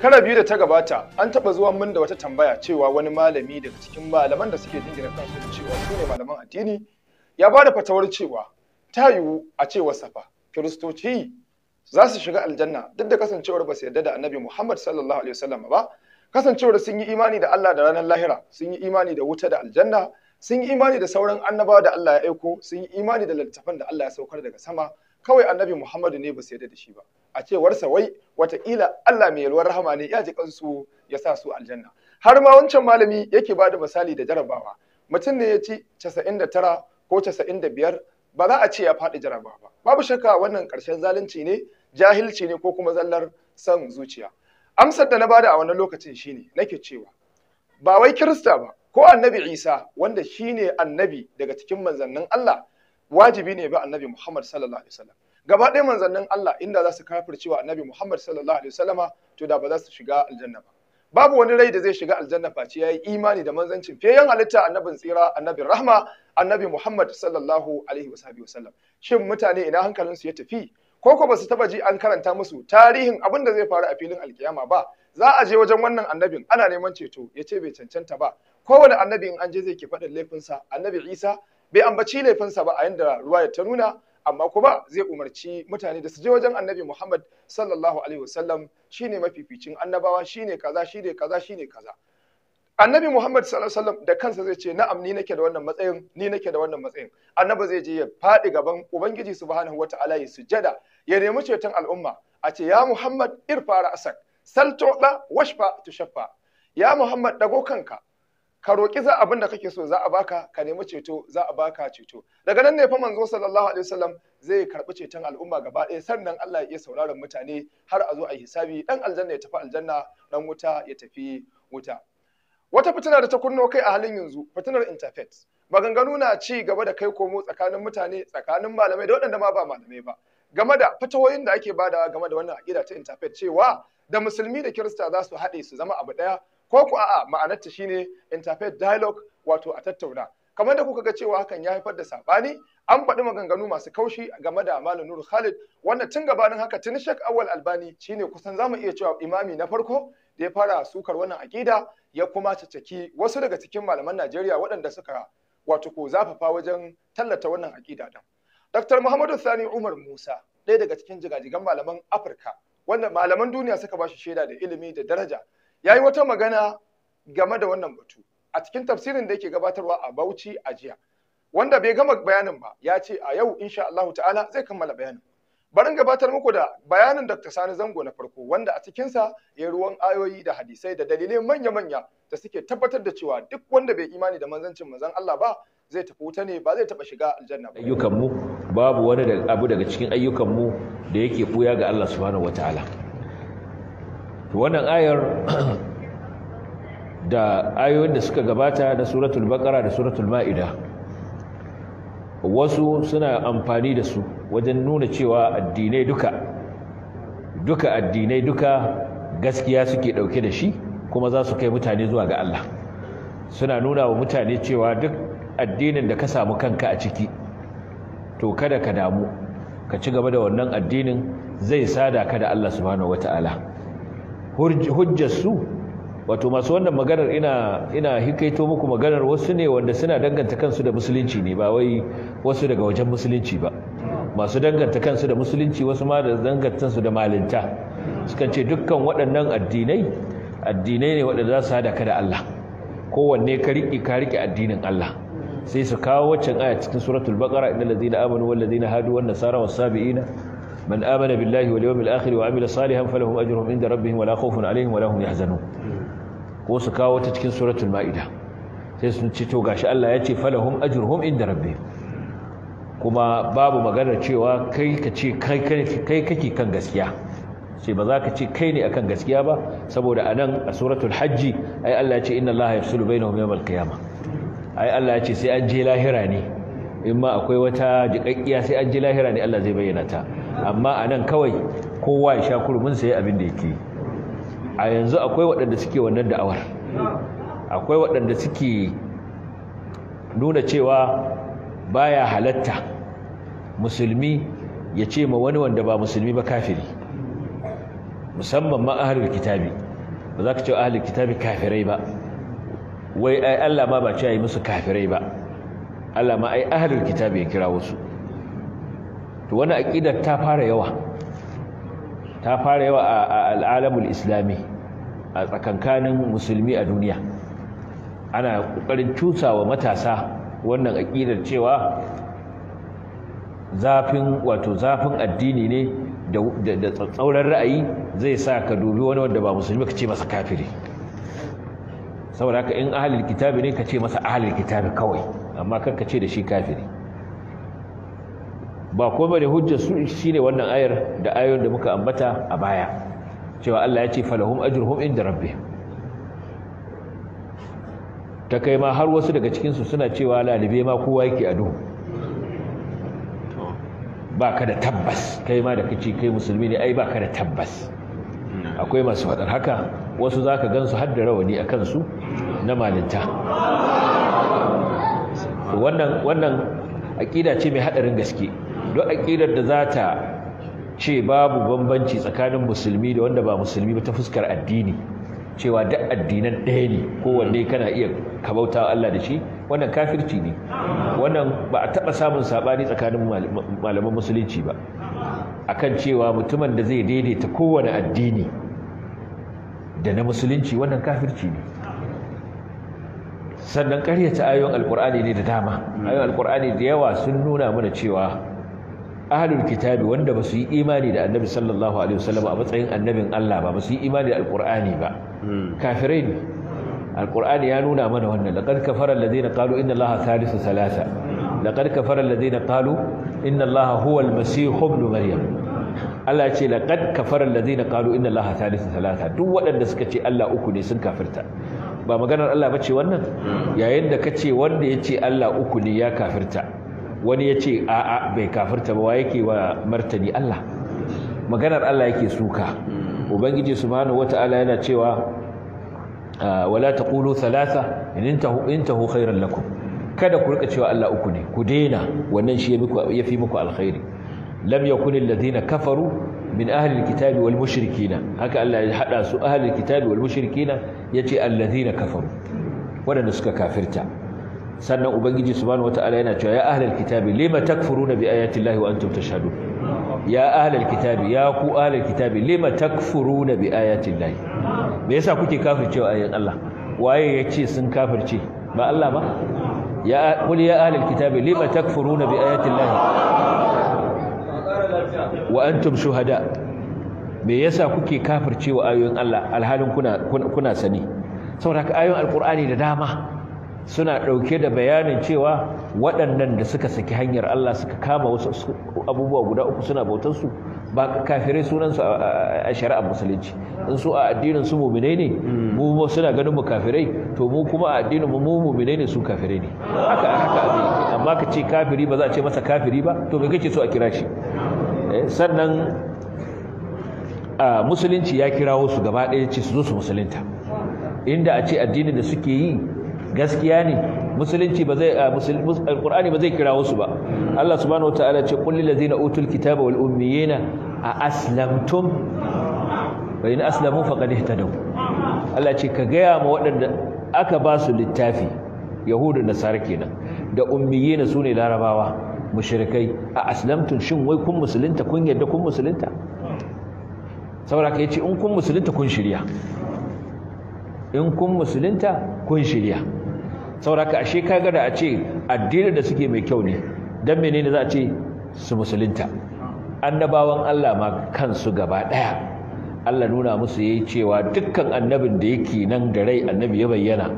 Shekara biyu da ta gabata an taɓa zuwa min da wata tambaya cewa wani malami daga cikin malaman da suke jingina kansu da cewa su ne malaman addini ya ba da fatawar cewa ta yiwu a cewar safa kiristoci za su shiga aljanna duk da kasancewar ba su yarda da annabi Muhammad sallallahu alaihi wasallam ba kasancewar sun yi imani da Allah da ranar lahira sun yi imani da wuta da aljanna sun yi imani da sauran annabawa da Allah ya aiko sun yi imani da littattafan da Allah ya saukar daga sama kawai annabi Muhammadu ne ba su yarda da shi ba a cewarsa wai wataƙila Allah mai yalwar rahama ne ya ji kansu ya sa su aljanna har ma wancan malami yake ba da misali da jarabawa mutum ne ya ci 99 ko 95 ba za a ce ya faɗi jarabawa ba babu shakka wannan ƙarshen zalunci ne jahilci ne ko kuma zallar san zuciya amsar da na bada a wannan lokacin shine nake cewa ba wai kirista ba ko annabi isa wanda shine annabi daga cikin manzannin Allah wajibi ne ba annabi Muhammad sallallahu alaihi wasallam gaba ɗaya manzannin Allah inda za su kafircewa annabi Muhammad sallallahu alaihi wasallama to da ba za su shiga aljanna ba babu wani rai da zai shiga aljanna face yayi imani da manzancin fiyayen halitta annabin tsira annabin rahma annabi Muhammad sallallahu alaihi wasallam shin mutane ina hankalin su ya tafi ko ko basu taba ji an karanta musu tarihin abin da zai faru a filin alkiyama ba za a je wajen wannan annabin ana neman ceto ya ce bai cancanta ba kowane annabi in an je zai ke faɗin laifinsa annabi Isa bai ambaci laifinsa ba a yanda ruwa ya ta nuna amma kuma zai umarci mutane da su je wajen annabi Muhammad sallallahu alaihi wasallam shine mafificin annabawa shine kaza shine kaza shine kaza annabi Muhammad sallallahu alaihi wasallam da kansa zai ce na'am ni nake da wannan matsayin ni nake da wannan matsayin annabi zai je ya faɗi gaban ubangiji subhanahu wataala ya sujada ya nemi ceton al'umma a ce ya Muhammad irfa ra'sak salto da washfa tushaffa ya Muhammad dago kanka ka roƙi za abin da kake so za a baka ka nemi ceto za a baka ceto daga nan ne fa manzo sallallahu alaihi wasallam zai karɓi ceton al'umma gaba ɗaya sannan Allah ya iya sauraron mutane har a zo a yi hisabi dan aljanna ya tafi aljanna dan wuta ya tafi wuta wata fitina da ta kunno kai a halin yanzu fitinar interfaith maganganu na ci gaba da kai komo tsakanin mutane tsakanin malamai da waɗanda ma ba malamai ba game da fitowoyin da ake badawa game da wannan aƙida ta interfaith cewa da musulmi da kirista za su haɗe su zama abu ɗaya ko ku a'a ma'anarta shine interfaith dialogue wato a tattauna kamar da kuka ga cewa hakan ya haifar da sabani an faɗi maganganu masu kaushi game da Malam Nuru Khalid wanda tun gabanin haka tun Sheikh Awal Albani shine kusan zamu iya cewa imami na farko da ya fara sukar wannan akida ya kuma cacaki wasu daga cikin malaman Najeriya waɗanda suka wato ko zafafa wajen tallata wannan akida din Dr. Muhammadu Sani Umar Musa ɗaya daga cikin jigajigan malaman Afirka wanda malaman duniya suka ba shi shaida da ilimi da daraja ya yi wata magana game da wannan batu a cikin tafsirin da yake gabatarwa a Bauchi a jiya wanda bai gama bayanin ba ya ce a yau insha Allah ta'ala zai kammala bayanin barin gabatar muku da bayanin Dr. Sani Zango na farko wanda a cikinsa ya ruwan ayoyi da hadisai da dalilai manya-manya da suke tabbatar da cewa duk wanda bai imani da manzancin manzon Allah ba zai tafi wuta ne ba zai taba shiga aljanna ba ayyukan mu babu wani abu daga cikin ayyukan mu da yake buya ga Allah subhanahu wataala wannan ayar da ayoyin da suka gabata na suratul baqara da suratul ma'ida wasu suna amfani da su wajen nuna cewa addinai duka duka addinai duka gaskiya suke dauke da shi kuma za su kai mutane zuwa ga Allah suna nuna wa mutane cewa duk addinin da ka samu kanka a ciki to kada ka damu ka ci gaba da wannan addinin zai sada ka da Allah subhanahu wataala hujjarsu wato masu wannan maganar ina ina hikaito muku maganar wasu ne wanda suna danganta kansu da musulunci ne ba wai wasu daga wajen musulunci ba masu danganta kansu da musulunci wasu ma da danganta su da malinta sukan ce dukkan waɗannan addinai addinai ne waɗanda za su hada ka da Allah kowanne ka riƙe ka riƙe addinin Allah sai su kawo waccan aya cikin suratul baqara innal ladzina amanu wal ladzina hadu wan nasara was sabiina من آمن بالله واليوم الآخر وعمل صالحا فلهم أجرهم عند ربهم ولا خوف عليهم ولا هم يحزنون وسكا وتتكن سورة المائدة سيسن تشتو غاش الله يأتي فلهم أجرهم عند ربهم كما باب مغانا تشيوا كي كي كي كي كان غسيا sai ba za ka ce kai ne akan gaskiya ba saboda nan a suratul hajji ai Allah ya ce inna Allah yafsulu bainahum yawmal qiyamah ai Allah ya ce sai an je lahira ne in ma akwai wata jiƙaƙƙiya sai an je lahira ne Allah zai bayyana ta amma a nan kawai kowa ya sha kurmin sai abin da yake a yanzu akwai waɗanda suke wannan da'awar akwai waɗanda suke nuna cewa baya halatta musulmi ya ce ma wani wanda ba musulmi ba kafiri musamman ma ahlul kitabi ba za ka ce ahlul kitabi kafirai ba wai ai Allah ma ba ce yi musu kafirai ba Allah ma ai ahlul kitabi ya kira wasu to wani aƙidar ta fara yawa ta fara yawa a al'alamul islami a tsakankanin musulmi a duniya ana ƙoƙarin cusawa matasa wannan aƙidar cewa zafin wato zafin addini ne da tsatsauran ra'ayi zai sa ka dubi wani wanda ba musulmi ka ce masa kafiri saboda haka in ahalil kitabi ne ka ce masa ahalil kitabi kawai amma kar ka ce da shi kafiri ba ko bane hujjar su shine wannan ayar da ayoyin da muka ambata a baya cewa Allah ya ce falahum ajruhum inda rabbi ta kai ma har wasu daga cikin su suna cewa lalibe ma kowa yake ado ba ka da tabbas kai ma da kace kai musulmi ne ai ba ka da tabbas akwai masu faɗar haka wasu za ka gansu har da rawani a kansu na malinta wannan aƙida ce mai haɗarin gaske duk aqidar da za ta ce babu bambanci tsakanin musulmi da wanda ba musulmi ba ta fuskar addini cewa duk addinan ɗaya ne kowanne kana iya kabauta Allah da shi wannan kafirci ne wannan ba a taɓa samun saɓani tsakanin malaman musulunci ba akan cewa mutumin da zai daidaita kowane addini da na musulunci wannan kafirci ne sannan ƙaryata ayoyin alkur'ani ne da dama ayoyin alkur'ani da yawa sun nuna mana cewa ahlul kitabi wanda ba su yi imani da annabi sallallahu alaihi wasallam a matsayin annabin Allah ba ba su yi imani da alqur'ani ba hmm. kafirai ne alqur'ani ya nuna mana wannan laqad kafara alladhina qalu inna allaha thalithu thalatha laqad kafara alladhina qalu inna allaha huwa almasih ibn maryam Allah ya ce laqad kafara alladhina qalu inna allaha thalithu thalatha duk waɗanda suka ce Allah uku ne sun kafirta ba maganar Allah ce wannan hmm. yayin da kace wanda yace Allah uku ne ya kafirta wani ya ce a'a bai kafirta ba wa yake wa martani Allah maganar Allah yake suka ubangiji subhanahu wata'ala yana cewa wala taqulu thalatha in intahu intahu khairan lakum kada ku rika cewa Allah uku ne ku daina wannan shi yafi muku alkhairi lam yakun alladhina kafaru min ahli alkitabi wal mushrikina haka Allah ya hada su ahli alkitabi wal mushrikina yace alladhina kafaru wadanda suka kafirta sannan ubangiji subhanahu wataala yana cewa ya ahlal kitabi lima takfuruna bi ayati llahi wa antum tashhadun ya ahlal kitabi ya ku ahlal kitabi lima takfuruna bi ayati llahi me yasa kuke kafircewa ayoyin Allah waye yace sun kafirce ba Allah ba ya qul ya ahlal kitabi lima takfuruna bi ayati llahi wa antum shuhada me yasa kuke kafircewa ayoyin Allah alhalin kuna kuna sani saboda ayoyin alqur'ani da dama suna ɗauke da bayanin cewa waɗannan da suka saki hanyar Allah suka kama wasu abubuwa guda uku suna su. ba kafirai sunansu a shari'ar musulunci in su a addinin su mumine ne mu suna ganin mu kafirai to mu kuma a addinin mu mumine ne su kafirai ne haka haka amma ka ce kafiri ba za a ce masa kafiri ba to me kake so a kira shi eh, sannan musulunci ya kirawo su gaba ɗaya ce su zo su musulunta inda a ce addinin da suke yi gaskiya ne musulunci ba zai alqur'ani ba zai kira wasu ba Allah subhanahu wataala ce qul lil ladzina utul kitaba wal ummiyina a aslamtum fa in aslamu faqad ihtadaw Allah ce ka gaya ma waɗanda aka ba su littafi yahudu da sar kenan da ummiyina sune larabawa mushrikai a aslamtum shin wai kun musulunta kun yadda kun musulunta saboda ka yace in kun musulunta kun shirya in kun musulunta kun shirya sauraka ashe kaga da a ce addinin da suke mai kyau ne dan menene za a ce su musulunta annabawan Allah ma kansu gaba daya Allah nuna musu yayi cewa dukkan annabin da yake nan da rai annabi ya bayyana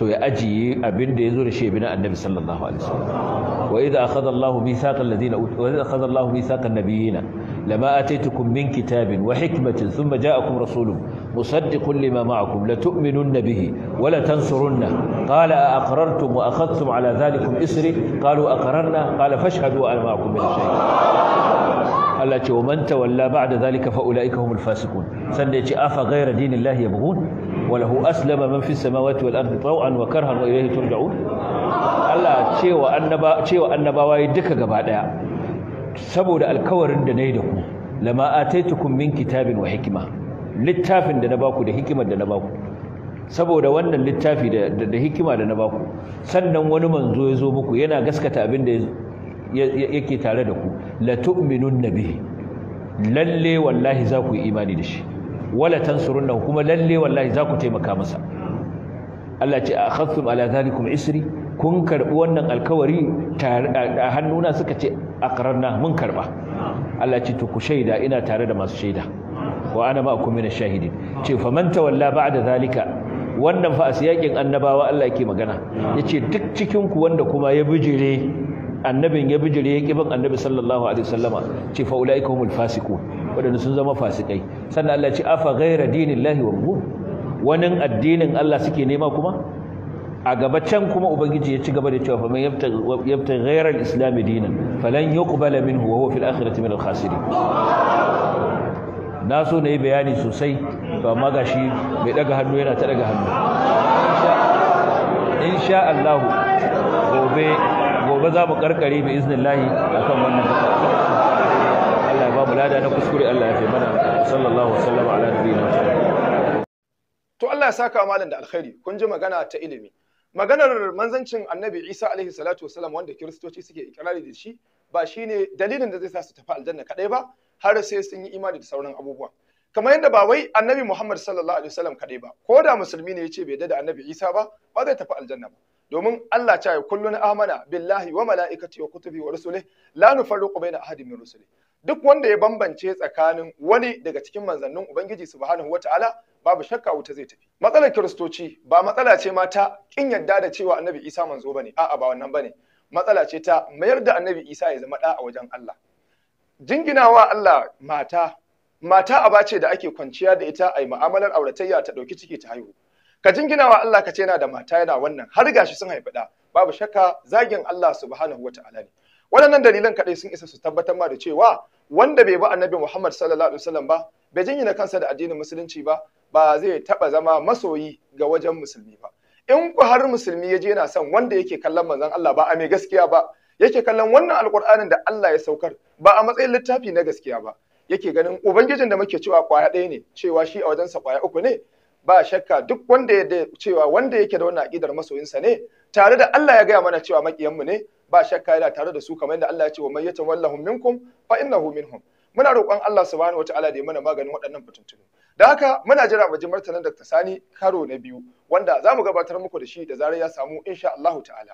to ya ajiye abin da yazo da shi na annabi sallallahu alaihi wasallam wa idza akhadha Allahu mithaqa alladhina wa idza akhadha Allahu mithaqa an-nabiyina لما آتيتكم من كتاب وحكمة ثم جاءكم رسول مصدق لما معكم لتؤمنن به ولتنصرنه قال أأقررتم وأخذتم على ذلكم إسري قالوا أقررنا قال فاشهدوا أنا معكم من الشيء Allah ce wa man tawalla ba'da zalika fa ulaika humul fasiqun sanda yace afa ghayra dinillahi yabghun wa lahu aslama man fis samawati wal ardi taw'an wa karhan wa ilayhi turja'un Allah annaba duka gaba daya saboda alkawarin da na yi da ku lama ataitukum min kitabin wa hikima littafin da na baku da hikimar da na baku saboda wannan littafi da hikima da na baku sannan wani manzo ya zo muku yana gaskata abin da yake tare da ku la tu'minun bihi lalle wallahi za ku yi imani da shi wala tansurunnahu kuma lalle wallahi za ku taimaka masa Allah ce akhadhtum ala dhalikum isri kun karbi wannan alkawari a hannuna suka ce aqrarna mun karba Allah ce to ku shaida ina tare da masu shaida wa ana ma'akum min ash-shahidin ce faman tawalla ba'da zalika wannan fa asiyakin annabawa Allah yake magana yace duk cikin ku wanda kuma ya bijire annabin ya bijire ya kiban annabi sallallahu alaihi wasallama ce fa ulaika humul fasiqun wadanda sun zama fasikai sannan Allah ce afa ghayra dinillahi wa wani addinin Allah suke nema kuma a gaba can kuma ubangiji ya ci gaba da cewa fa man yabta ghayra islam dinan falan yuqbala minhu wa huwa fil akhirati min al-khasirin na so na yi bayani sosai ba amma gashi bai daga hannu yana ta daga hannu insha Allah gobe gobe za mu karkare bi iznillahi akan wannan Allah ya ba mu lada na kuskure Allah ya fi mana sallallahu alaihi sallam ala nabiyina to Allah ya saka malam da alkhairi kun ji magana ta ilimi maganar manzancin annabi isa alaihi salatu wasalam wanda kiristoci suke ikirari da shi ba shine dalilin da zai sa su tafi aljanna kadai ba har sai sun yi imani da sauran abubuwa kamar yadda ba wai annabi muhammad sallallahu alaihi wasallam kadai ba ko da musulmi ne ya ce bai da annabi isa ba ba zai tafi aljanna ba domin Allah ce yi kullun amana billahi wa mala'ikati wa kutubi wa rusuli la nufarriqu baina ahadin min rusuli duk wanda ya bambance tsakanin wani daga cikin manzannin ubangiji subhanahu wataala babu shakka wuta zai tafi matsalar kiristoci ba matsala ce ma ta kin yadda da cewa annabi isa manzo bane a'a ba wannan bane matsala ce ta mayar da annabi isa ya zama da a wajen Allah jinginawa Allah mata mata aba ce da ake kwanciya da ita a yi mu'amalar auratayya ta ɗauki ciki ta haihu ka jingina wa Allah ka ce yana da mata yana wannan har gashi sun haifi da babu shakka zagin Allah subhanahu wataala ne waɗannan dalilan kaɗai sun isa su tabbatar ma da cewa wanda bai bi annabi Muhammad sallallahu alaihi wasallam ba bai jingina kansa da addinin musulunci ba ba zai taɓa zama masoyi ga wajen musulmi ba in ku har musulmi ya je yana son wanda yake kallon manzon Allah ba a mai gaskiya ba yake kallon wannan alkur'anin da Allah ya saukar ba a matsayin littafi na gaskiya ba yake ganin ubangijin da muke cewa kwaya ɗaya ne cewa shi a wajensa kwaya uku ne ba shakka duk wanda ya cewa wanda yake da wannan aqidar masoyinsa ne tare da Allah ya gaya mana cewa makiyan mu ne ba shakka yana tare da su kamar yadda Allah ya ce wa man yatawallahum minkum fa innahu minhum muna roƙon Allah subhanahu wataala da ya mana maganin waɗannan fitintunu da haka muna jira mu ji martanin Dr. Sani karo na biyu wanda za mu gabatar muku da shi da zarar ya samu insha Allahu ta'ala